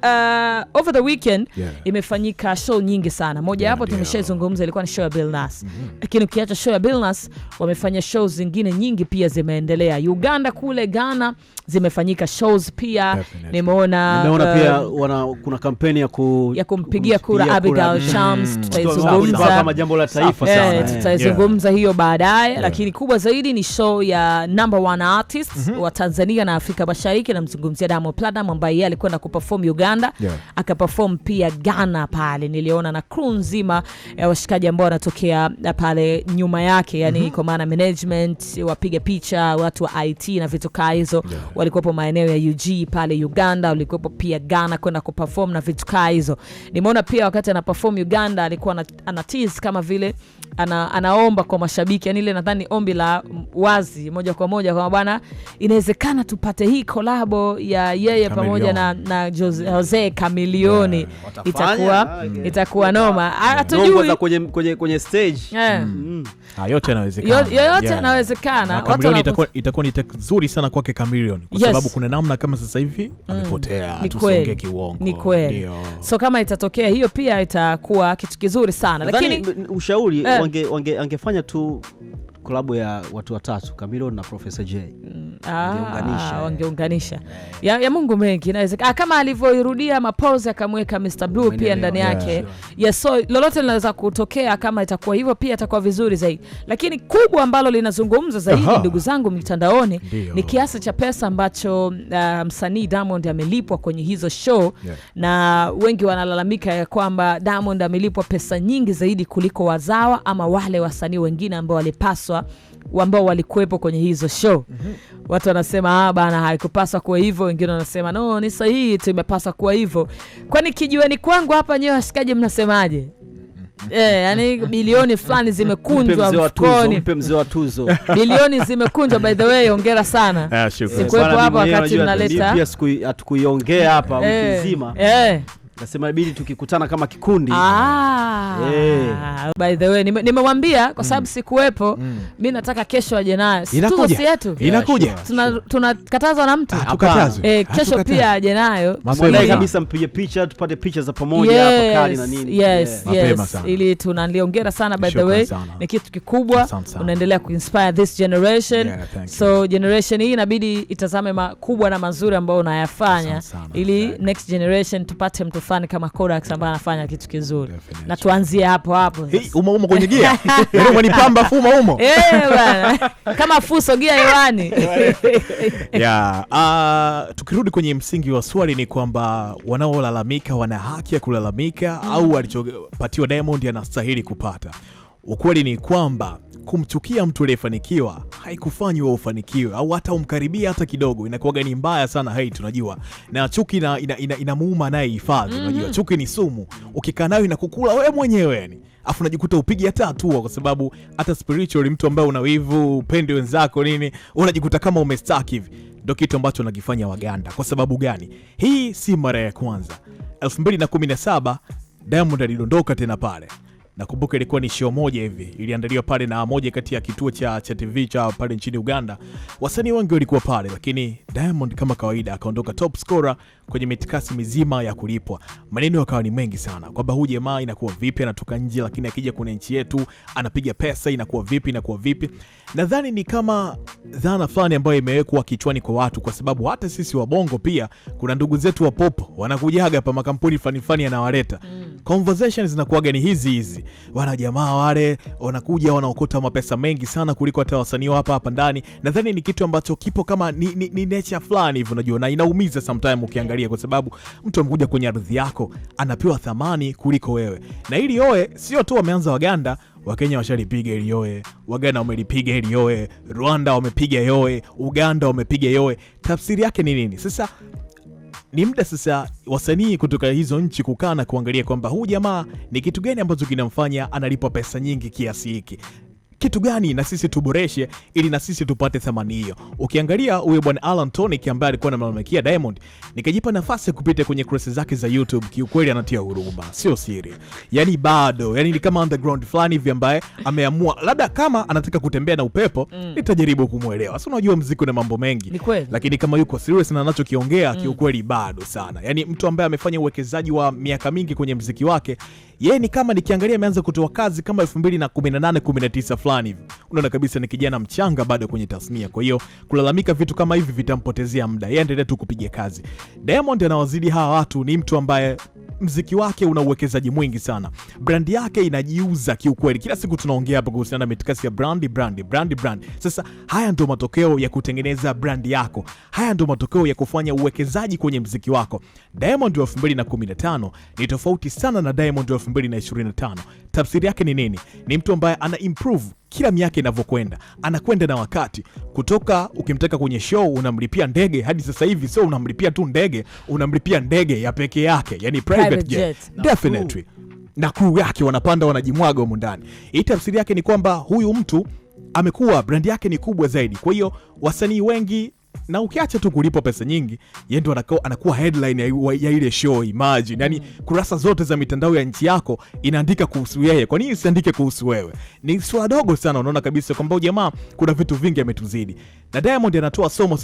Uh, uh, over the weekend yeah. imefanyika show nyingi sana. Moja hapo yeah, tumeshaizungumza ilikuwa ni show ya Billnass. Mm-hmm. Lakini mm -hmm. ukiacha show ya Billnass wamefanya show zingine nyingi pia zimeendelea. Uganda kule Ghana zimefanyika shows pia. Nimeona uh, pia wana, kuna kampeni ya, ku, ya kumpigia kura Abigail mm. Shams mm. tutaizungumza kama jambo la taifa eh, sana. Tutaizungumza hiyo baadaye, lakini kubwa zaidi ni show ya number one artist mm-hmm. wa Tanzania na Afrika Mashariki, namzungumzia damo Platnumz ambaye yeye alikwenda kuperform Uganda yeah. akapefom pia Ghana pale, niliona na kru nzima ya washikaji ambao wanatokea pale nyuma yake, yani mm -hmm. Kwa maana management, wapiga picha, watu wa IT na vitu kaa hizo yeah. Walikuwepo maeneo ya UG pale Uganda, walikuwepo pia Ghana kwenda kupefom na vitu kaa hizo. Nimeona pia wakati anapefom Uganda alikuwa anatiz kama vile ana, anaomba kwa mashabiki yani, ile nadhani ombi la wazi moja kwa moja kwamba bwana, inawezekana tupate hii kolabo ya yeye pamoja na, na Jose, Jose Kamilioni yeah. Itakuwa yeah. itakuwa noma, hatujui kwenye kwenye kwenye stage yeah. mm. mm. Ha, ah, yote yanawezekana, yoyote yanawezekana yeah. Watu itakuwa itakuwa ni nzuri sana kwake Kamilioni kwa yes. sababu kuna namna kama sasa hivi mm. amepotea, tusongee kiwongo, ni kweli. So kama itatokea hiyo pia itakuwa kitu kizuri sana, lakini ushauri eh. wange, wange, angefanya tu kolabo ya watu watatu kamilo na Profesa J mm. ah, eh. wangeunganisha ya, ya Mungu mengi inawezekana, ah, kama alivyoirudia Mapose akamweka m Blue pia ndani yake yeah, sure. yeah, so lolote linaweza kutokea. Kama itakuwa hivyo pia itakuwa vizuri zaidi, lakini kubwa ambalo linazungumza zaidi ndugu zangu mitandaoni Dio. ni kiasi cha pesa ambacho uh, msanii Diamond amelipwa kwenye hizo show yeah. na wengi wanalalamika ya kwamba Diamond amelipwa pesa nyingi zaidi kuliko wazawa ama wale wasanii wengine ambao walipaswa haswa ambao walikuwepo kwenye hizo show mm -hmm. Watu wanasema ah, bana haikupaswa kuwa hivyo, wengine wanasema no, ni sahihi tu, imepaswa kuwa hivyo. Kwani kijiweni kwangu hapa, nyewe washikaji, mnasemaje? Yeah, mhm. yani bilioni fulani zimekunjwa bilioni zimekunjwa. By the way, hongera sana, ah, sikuwepo hapa wakati mnaleta, hatukuiongea hapa mzima eh, nzima eh nasema ibidi tukikutana kama kikundi. Ah, yeah. By the way nimemwambia kwa sababu mm. sikuwepo mm. mi nataka kesho aje nayo, si yetu inakuja, tunakatazwa na mtu ah, eh, kesho pia aje nayo kabisa, mpige picha tupate picha za pamoja hapa kali na nini. Yes, Yeah. yes, ili tunaliongera sana by the way, ni kitu kikubwa, unaendelea kuinspire this generation yeah, so generation hii inabidi itazame makubwa na mazuri ambayo unayafanya ili next generation tupate mtu fulani kama Kodak ambaye anafanya kitu kizuri na tuanzie hapo hapo. Hey, umo umo kwenye gia yaani umenipamba fuma umo eh bwana, kama fuso gia hewani yeah. Uh, tukirudi kwenye msingi wa swali ni kwamba wanaolalamika wana haki ya kulalamika, mm. au walichopatiwa Diamond anastahili kupata Ukweli ni kwamba kumchukia mtu aliyefanikiwa haikufanywa ufanikiwe au hata umkaribia hata kidogo, inakuwa gani mbaya sana hate, tunajua na chuki ina, ina, ina, inamuuma -hmm. Unajua chuki ni sumu, ukikaa nayo inakukula wewe mwenyewe yani afu unajikuta upigi hata hatua, kwa sababu hata spiritual mtu ambaye una wivu upende wenzako nini, unajikuta kama umestuck hivi. Ndo kitu ambacho wanakifanya Waganda. Kwa sababu gani? Hii si mara ya kwanza. 2017 Diamond alidondoka tena pale Nakumbuka ilikuwa ni show moja hivi iliandaliwa pale na moja kati ya kituo cha, cha TV cha pale nchini Uganda. Wasanii wengi walikuwa pale, lakini Diamond kama kawaida akaondoka top scorer kwenye mitikasi mizima ya kulipwa. Maneno yakawa ni mengi sana kwamba huyu jamaa inakuwa vipi anatoka nje, lakini akija kwenye nchi yetu anapiga pesa, inakuwa vipi, inakuwa vipi. Nadhani ni kama dhana fulani ambayo imewekwa kichwani kwa watu, kwa sababu hata sisi wabongo pia kuna ndugu zetu wa pop wanakujaga hapa, makampuni fulani fulani yanawaleta, mm. conversations zinakuwaga ni hizi hizi yote. Wana jamaa wale wanakuja wanaokota mapesa mengi sana kuliko hata wasanii hapa hapa ndani. Nadhani ni kitu ambacho kipo kama ni, ni, ni nature fulani hivi unajua, na inaumiza sometimes ukiangalia, kwa sababu mtu amekuja kwenye ardhi yako anapewa thamani kuliko wewe, na ili oe sio tu wameanza Waganda Wakenya washalipiga yoe, Waganda wamelipiga yoe, Rwanda wamepiga yoe, Uganda wamepiga yoe. Tafsiri yake ni nini sasa? ni muda sasa wasanii kutoka hizo nchi kukaa na kuangalia kwamba huu jamaa ni kitu gani ambacho kinamfanya analipwa pesa nyingi kiasi hiki kitu gani na sisi tuboreshe ili na sisi tupate thamani hiyo. Ukiangalia huyo bwana Alan Tonick ambaye alikuwa anamlalamikia Diamond, nikajipa nafasi ya kupita kwenye kurasa zake za YouTube, kiukweli anatia huruma, sio siri. Yani bado, yani ni kama underground fulani hivi ambaye ameamua labda kama anataka kutembea na upepo, mm. nitajaribu kumwelewa. Sasa unajua muziki una mambo mengi. Lakini kama yuko serious na anachokiongea, mm. kiukweli bado sana. Yani mtu ambaye amefanya uwekezaji wa miaka mingi kwenye muziki wake yeye ni kama nikiangalia ameanza kutoa kazi kama 2018 19 fulani hivi. Unaona kabisa ni kijana mchanga bado kwenye tasnia, kwa hiyo kulalamika vitu kama hivi vitampotezea muda. Yeye endelee tu kupiga kazi. Diamond anawazidi hawa watu, ni mtu ambaye mziki wake una uwekezaji mwingi sana, brandi yake inajiuza kiukweli. Kila siku tunaongea hapa kuhusiana na mitikasi ya brandi, brandi, brandi, brandi. Sasa haya ndio matokeo ya kutengeneza brandi yako, haya ndio matokeo ya kufanya uwekezaji kwenye mziki wako. Diamond wa 2015 ni tofauti sana na Diamond wa 2025. Tafsiri yake ni nini? Ni mtu ambaye ana improve kila miaka inavyokwenda, anakwenda na wakati. Kutoka ukimtaka kwenye show unamlipia ndege, hadi sasa hivi sio unamlipia tu ndege, unamlipia ndege ya peke yake, yani private jet, definitely na kuu yake, wanapanda wanajimwaga humu ndani. Hii tafsiri yake ni kwamba huyu mtu amekuwa brandi yake ni kubwa zaidi, kwa hiyo wasanii wengi na ukiacha tu kulipa pesa nyingi, yeye ndo anakuwa headline ya, ya ile show. Imagine yani, mm. kurasa zote za mitandao ya nchi yako inaandika kuhusu yeye. Kwa nini isiandike kuhusu wewe? Ni swala dogo sana. Unaona kabisa kwamba jamaa kuna vitu vingi ametuzidi, na Diamond anatoa somo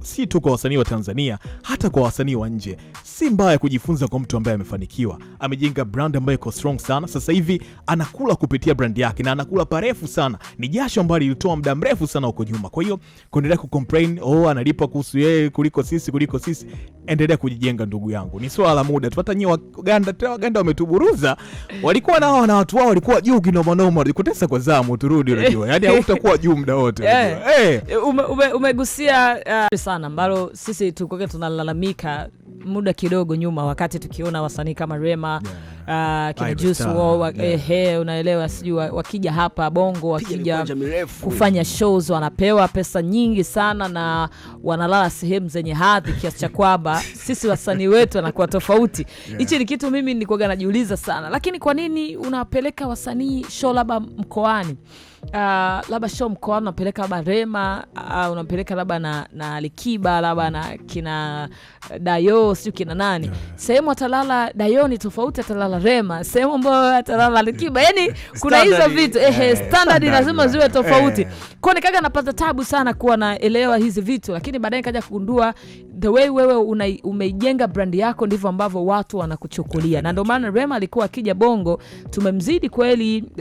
si tu kwa wasanii wa Tanzania, hata kwa wasanii wa nje. Si mbaya kujifunza kwa mtu ambaye amefanikiwa, amejenga brand ambayo iko strong sana. Sasa hivi anakula kupitia brand yake na anakula parefu sana, ni jasho ambayo lilitoa muda mrefu sana huko nyuma. Kwa hiyo kuendelea kucomplain oh analipa kuhusu yeye kuliko sisi kuliko sisi. Endelea kujijenga ndugu yangu, ni swala la muda tu. Hata Waganda, tena Waganda wametuburuza, walikuwa nao na watu wao walikuwa juu noma, kutesa kwa zamu, turudi. Unajua yani hautakuwa juu muda wote. Hey, eh. eh, ume, ume, umegusia uh, sana ambalo sisi tulikuwa tunalalamika muda kidogo nyuma, wakati tukiona wasanii kama Rema yeah uh, ehe, unaelewa sijui wakija hapa Bongo wakija kufanya shows wanapewa pesa nyingi sana na wanalala sehemu zenye hadhi kiasi cha kwamba sisi wasanii wetu wanakuwa tofauti hichi yeah. Ni kitu mimi nilikuwa najiuliza sana, lakini kwa nini unapeleka wasanii show labda mkoani uh, labda sio mkoa unapeleka labda Rema uh, unampeleka labda na, na likiba labda na kina eh, Dayo siu kina nani yeah. Sehemu atalala Dayo ni tofauti, atalala Rema, sehemu ambayo atalala likiba yani kuna hizo vitu eh, eh, standard lazima ziwe tofauti. eh. Kwa nikaga napata tabu sana kuwa naelewa hizi vitu, lakini baadaye nikaja kugundua the way wewe umeijenga brandi yako ndivyo ambavyo watu wanakuchukulia, na ndio maana Rema alikuwa akija Bongo tumemzidi kweli uh,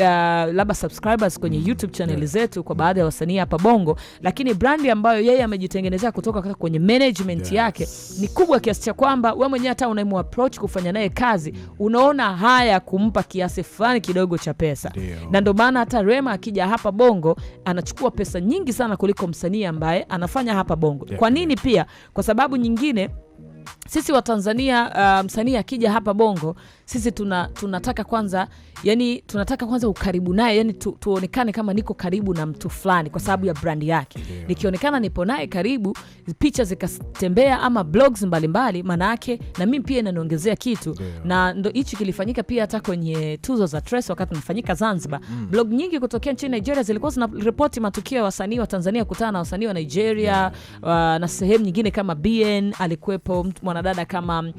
labda subscribers kwenye mm. YouTube channel zetu kwa baadhi ya wasanii hapa Bongo, lakini brandi ambayo yeye amejitengenezea kutoka kwenye management yake ni kubwa kiasi cha kwamba wewe mwenyewe hata approach kufanya naye kazi, unaona haya kumpa kiasi fulani kidogo cha pesa, na ndio maana hata Rema akija hapa Bongo anachukua pesa nyingi sana kuliko msanii ambaye anafanya hapa Bongo. Kwa nini? Pia kwa sababu nyingine sisi wa Tanzania uh, msanii akija hapa Bongo sisi tuna, tunataka kwanza yani, tunataka kwanza ukaribu naye yani tu, tuonekane kama niko karibu na mtu fulani kwa sababu ya brandi yake yeah. Nikionekana nipo naye karibu, picha zikatembea ama blogs mbalimbali, maana yake na mimi pia inaniongezea kitu yeah. Na ndo hichi kilifanyika pia hata kwenye tuzo za tres wakati nafanyika Zanzibar mm. Blog nyingi kutokea nchini Nigeria zilikuwa zina zinaripoti matukio ya wasanii wa Tanzania kutana na wasanii wa Nigeria yeah. Uh, na sehemu nyingine kama BN alikuwepo mtu wanadada kama um,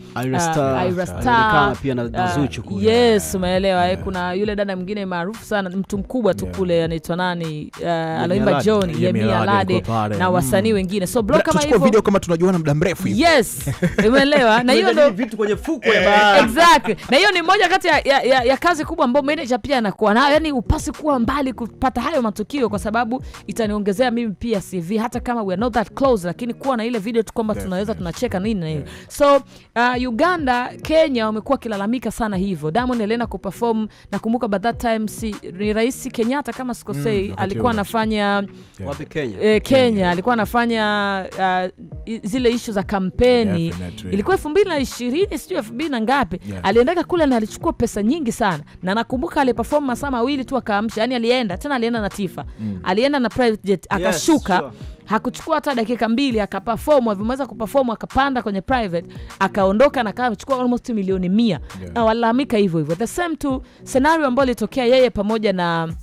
Irasta uh, pia na uh, Zuchu Yes, umeelewa. Kuna yule dada mwingine maarufu sana, mtu mkubwa tu kule, yeah. anaitwa nani, uh, anaimba John Yemi Alade na wasanii mm. wengine. So blo kama hivo video kama tunajuana muda mrefu hivi. Yes, umeelewa. Na hiyo ndio vitu kwenye fuko ya bahari. Exactly. Na hiyo ni moja kati ya, ya, ya, ya kazi kubwa ambayo manager pia anakuwa nayo, yani upasi kuwa mbali kupata hayo matukio, kwa sababu itaniongezea mimi pia CV hata kama we are not that close, lakini kuwa na ile video tu kwamba tunaweza tunacheka nini na hiyo So uh, Uganda, Kenya wamekuwa wakilalamika sana hivyo. Diamond alienda kuperform, nakumbuka by that time si, ni Rais Kenyatta kama sikosei, mm, alikuwa anafanya wapi Kenya? Eh, Kenya alikuwa anafanya uh, zile ishu za kampeni yeah, yeah. Ilikuwa elfu mbili na ishirini sijui elfu mbili na ngapi yeah. Aliendeka kule na alichukua pesa nyingi sana, na nakumbuka aliperform masaa mawili tu akaamsha, yani alienda tena, alienda na Tifa mm. Alienda na private jet akashuka yes, sure hakuchukua hata dakika mbili, akaperform. Alivyomaliza kuperform akapanda kwenye private akaondoka na akachukua almost milioni mia, yeah. na walalamika hivyo hivyo, the same to scenario ambayo ilitokea yeye pamoja na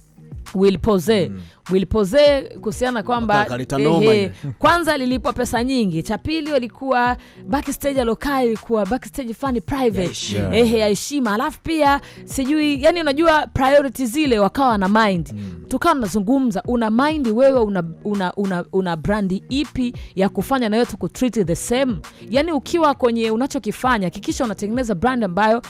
wilpoze mm. wilpoze kuhusiana kwamba kwanza lilipwa pesa nyingi, cha pili walikuwa backstage alokaa ilikuwa backstage fani private ya yeah. heshima, alafu pia sijui yani, unajua priority zile wakawa na mind mm. tukawa tunazungumza, una mind wewe una, una, una, una brandi ipi ya kufanya na wetu kutreat the same, yani ukiwa kwenye unachokifanya hakikisha unatengeneza brand ambayo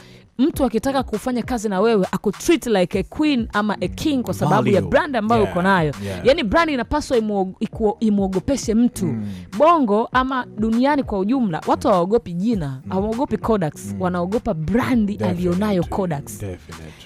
mtu akitaka kufanya kazi na wewe akutreat like a queen ama a king kwa sababu Malio. ya brand ambayo yeah. uko nayo yeah. Yani brand inapaswa imwogopeshe mtu mm. Bongo ama duniani kwa ujumla watu hawaogopi jina, hmm. hawaogopi codax mm. wanaogopa brandi aliyonayo codax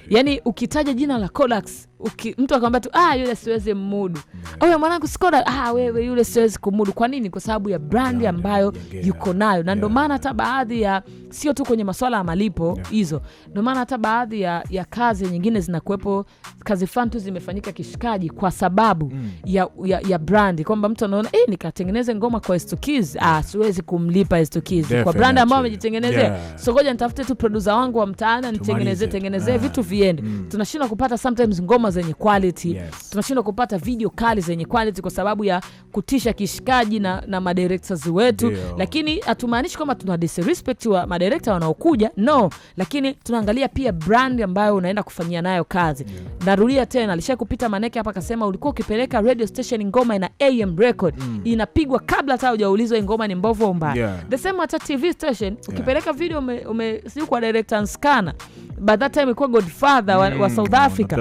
Yani ukitaja jina la codax uki, mtu akawambia tu ah, yule siwezi mmudu hmm huyo mwanangu Skoda, ah, wewe mm. yule siwezi kumudu. Kwa nini? Kwa sababu ya brandi ambayo yuko nayo, na ndio maana hata baadhi ya sio tu kwenye maswala ya malipo hizo, yeah. ndio maana hata baadhi ya, ya kazi nyingine zinakuwepo kazi fan tu zimefanyika kishikaji kwa sababu mm. ya, ya, ya brandi kwamba mtu anaona eh, nikatengeneze ngoma kwa Estukiz, ah, siwezi kumlipa Estukiz kwa brandi ambayo amejitengenezea yeah. Sokoja nitafute tu produsa wangu wa mtaani nitengenezee tengenezee ah. vitu viende mm. tunashindwa kupata sometimes ngoma zenye quality yes. tunashindwa kupata video kali zenye quality kwa sababu ya kutisha kishikaji na, na madirectors wetu Dio. Lakini hatumaanishi kwamba tuna disrespect wa madirector wanaokuja no, lakini tunaangalia pia brand ambayo unaenda kufanyia nayo kazi yeah. Narudia tena, alishakupita Maneke hapa akasema ulikuwa ukipeleka radio station ngoma ina AM record mm. inapigwa kabla hata hujaulizwa ngoma ni mbovu mbaya yeah. The same hata TV station ukipeleka yeah. video ume, ume siku kwa director Nskana by that time ilikuwa Godfather mm. wa, wa mm. South Africa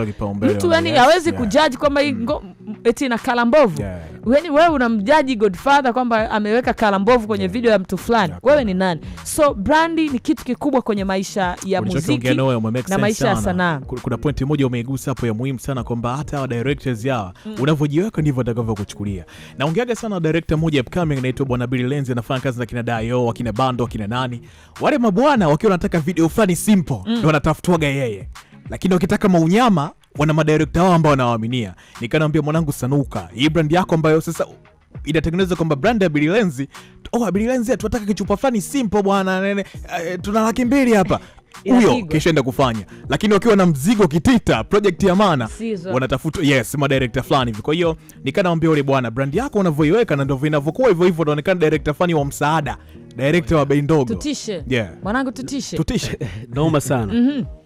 mtu yani hawezi yeah. kujudge kwamba mm eti na kala mbovu yeah. weni yaani wewe unamjaji Godfather kwamba ameweka kala mbovu kwenye yeah. video ya mtu fulani yeah. Wewe ni nani? So brandi ni kitu kikubwa kwenye maisha ya muziki na maisha ya sanaa. Kuna pointi moja umeigusa hapo ya muhimu sana kwamba hata wa directors yao mm. unavyojiweka ndivyo atakavyokuchukulia. Naongeaga sana director moja upcoming anaitwa Bwana Billy Lenzi, anafanya kazi na kina Dayo, akina Bando, akina nani wale mabwana, wakiwa wanataka video fulani simple mm. ndio wanatafutwaga yeye, lakini wakitaka maunyama wana madirekta wao ambao wanawaaminia. Nikanambia mwanangu, sanuka hii brand yako ambayo sasa inatengenezwa kwamba brand ya Bililenzi. Oh, Bililenzi tunataka kichupa fulani simple bwana nene, uh, tuna laki mbili hapa huyo enda kufanya, lakini wakiwa na mzigo kitita project ya maana wanatafuta yes madirekta fulani hivi. Kwa hiyo nikanaambia ule bwana, brand yako unavyoiweka na ndivyo inavyokuwa hivyo hivyo, anaonekana direkta fulani wa msaada, direkta wa bei ndogo. Tutishe mwanangu, tutishe, tutishe noma sana. mm -hmm.